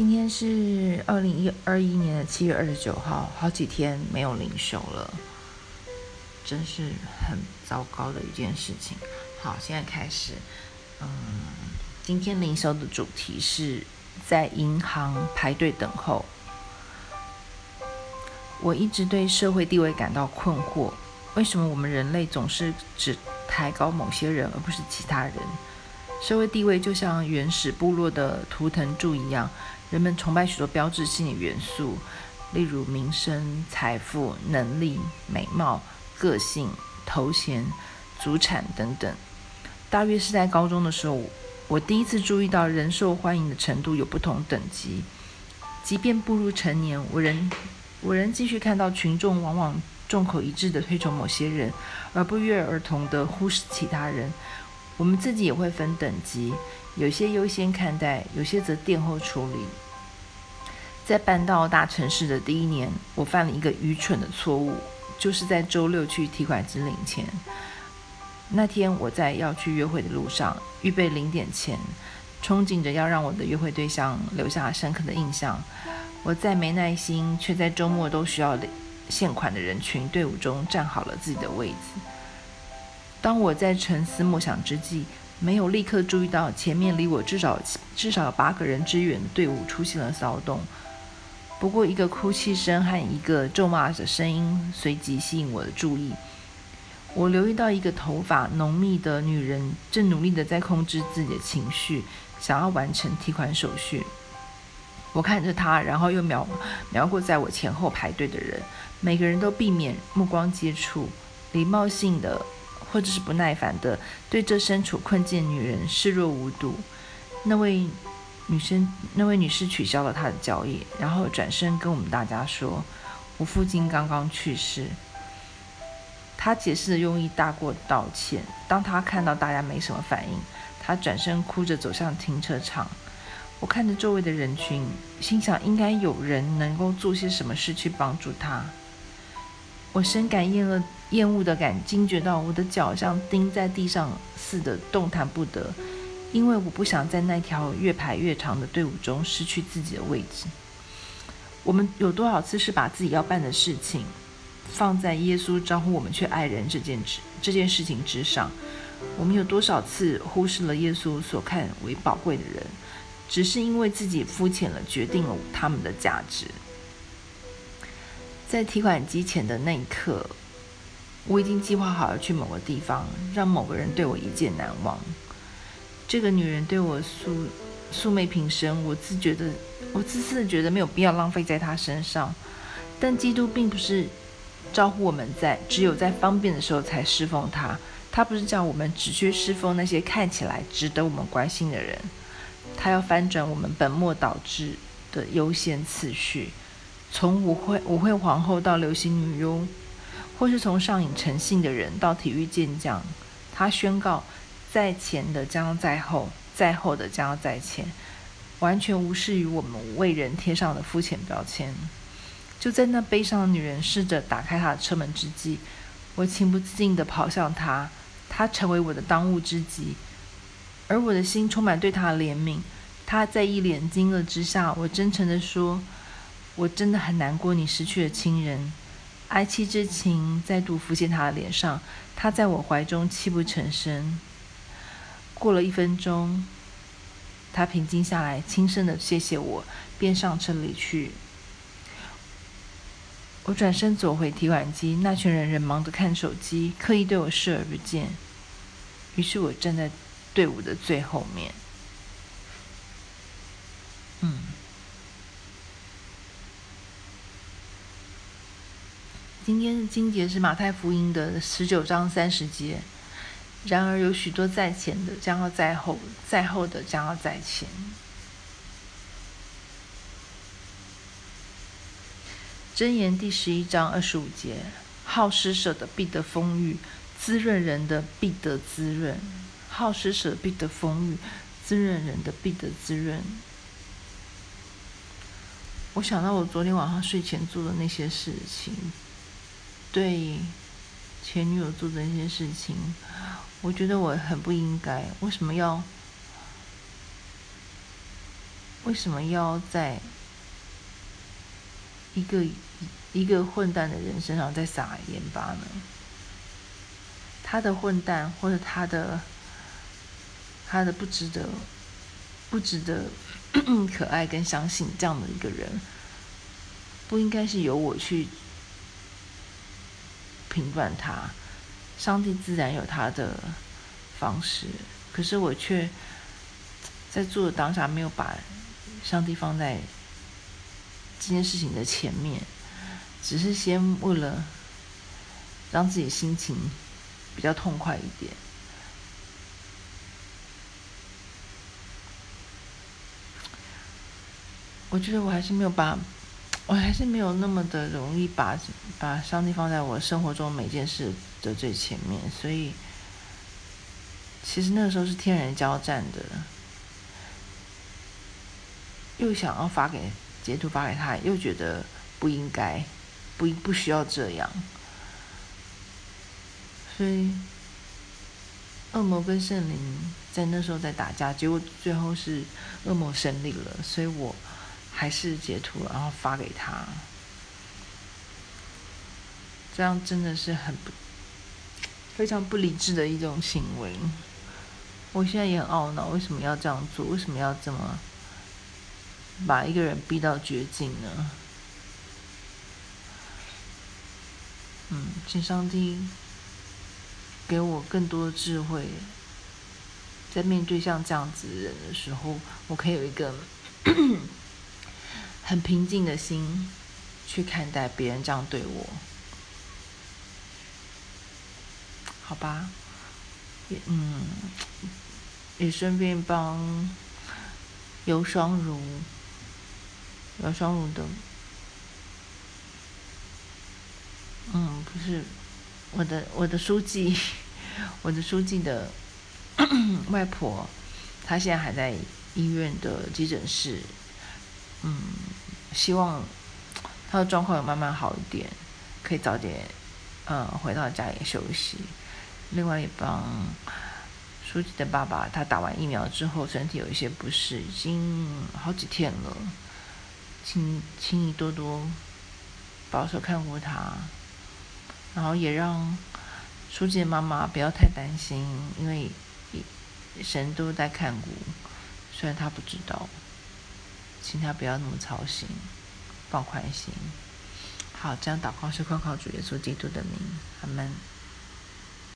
今天是二零二一年的七月二十九號，好幾天沒有靈修了，真是很糟糕的一件事情。好，現在開始。嗯，今天靈修的主題是：在銀行排隊等候。我一直對社會地位感到困惑，為什麼我們人類總是只抬高某些人，而不是其他人？社會地位就像原始部落的圖騰柱一樣。人們崇拜許多標誌性的元素，例如名聲、財富、能力、美貌、個性、頭銜、祖產等等。大約是在高中的時候，我第一次注意到人受歡迎的程度有不同等級。即便步入成年，我仍我仍繼續看到群眾往往眾口一致地推崇某些人，而不約而同地忽視其他人。我們自己也會分等級。有些優先看待，有些則殿後處理。在搬到大城市的第一年，我犯了一個愚蠢的錯誤，就是在周六去提款機領錢。那天我在要去約會的路上，預備領點錢，憧憬着要讓我的約會對象留下了深刻的印象。我在沒耐心，卻在周末都需要現款的人群隊伍中佔好了自己的位置。當我在沉思默想之際。沒有立刻注意到，前面離我至少至少有八個人之遠的隊伍出現了騷動。不過，一個哭泣聲和一個咒罵的聲音隨即吸引我的注意。我留意到一個頭髮濃密的女人正努力地在控制自己的情緒，想要完成提款手續。我看着她，然後又瞄瞄過在我前後排隊的人，每個人都避免目光接觸，禮貌性的。或者是不耐煩的對這身處困境的女人視若無睹。那位女生，那位女士取消了她的交易，然後轉身跟我們大家說：“我父親剛剛去世。”她解釋的用意大過道歉。當她看到大家沒什麼反應，她轉身哭着走向停車場。我看着周圍的人群，心想應該有人能夠做些什麼事去幫助她。我深感厭惡，厭惡的感驚覺到，我的腳像釘在地上似的動彈不得，因為我不想在那條越排越長的隊伍中失去自己的位置。我們有多少次是把自己要辦的事情，放在耶穌呼召我們去愛人這件事，這件事情之上？我們有多少次忽視了耶穌所看為寶貴的人，只是因為自己膚淺地決定了他們的價值？在提款機前的那一刻，我已經計劃好要去某個地方，讓某個人對我一見難忘。這個女人對我素素昧平生，我自覺的，我自私的，覺得沒有必要浪費在她身上。但基督並不是呼召我們在只有在方便的時候才侍奉祂。祂不是叫我們只去侍奉那些看起來值得我們關心的人，祂要翻轉我們本末倒置的優先次序。從舞會舞會皇后到流行女優，或是從上癮成性的人到體育健將，祂宣告，在前的將要在後，在後的將要在前，完全無視於我們為人貼上的膚淺標籤。就在那悲傷的女人試着打開她的車門之際，我情不自禁地跑向她，她成為我的當務之急，而我的心充滿對她的憐憫。她在一臉驚愕之下，我真誠地說。我真的很難過，你失去了親人，哀戚之情再度浮現他的臉上。他在我懷中泣不成聲。過了一分鐘，他平靜下來，輕聲的謝謝我，便上車離去。我轉身走回提款機，那群人仍忙着看手機，刻意對我視而不見。於是我站在隊伍的最後面。今天的經節，是馬太福音的十九章三十節。然而有許多在前的，將要在後；在後的，將要在前。箴言第十一章二十五節：好施捨的必得豐裕，滋潤人的必得滋潤。好施捨必得豐裕，滋潤人的必得滋潤。我想到我昨天晚上睡前做的那些事情，對前女友做的那些事情，我覺得我很不應該。為什麼要為什麼要在一個一個混蛋的人身上再撒鹽巴呢？他的混蛋，或者他的他的不值得不值得可愛跟相信這樣的一個人，不應該是由我去評斷他，上帝自然有他的方式。可是我卻在做的當下，沒有把上帝放在這件事情的前面，只是先為了讓自己心情比較痛快一點。我覺得我還是沒有把。我還是沒有那麼的容易把把上帝放在我生活中每件事的最前面，所以其實那個時候是天人交戰的，又想要發給截圖發給他，又覺得不應該，不不需要這樣，所以惡魔跟聖靈在那時候在打架，結果最後是惡魔勝利了，所以我。還是截圖，然後發給他，這樣真的是很不，非常不理智的一種行為。我現在也很懊惱，為什麼要這樣做？為什麼要這麼把一個人逼到絕境呢？嗯，請上帝給我更多的智慧，在面對像這樣子的人的時候，我可以有一個。 很平靜的心去看待別人這樣對我，好吧？也嗯，也順便幫尤雙如、尤雙如的，嗯，不是我的我的書記，我的書記的 外婆，她現在還在醫院的急診室，嗯。希望他的狀況有慢慢好一點，可以早點嗯回到家裡休息。另外一方書記的爸爸，他打完疫苗之後身體有一些不適，已經好幾天了，請請你多多保守看顧他。然後也讓書記的媽媽不要太擔心，因為神都在看顧，雖然他不知道。請他不要那麼操心，放寬心。好，這樣禱告是靠靠主耶穌基督的名，阿門。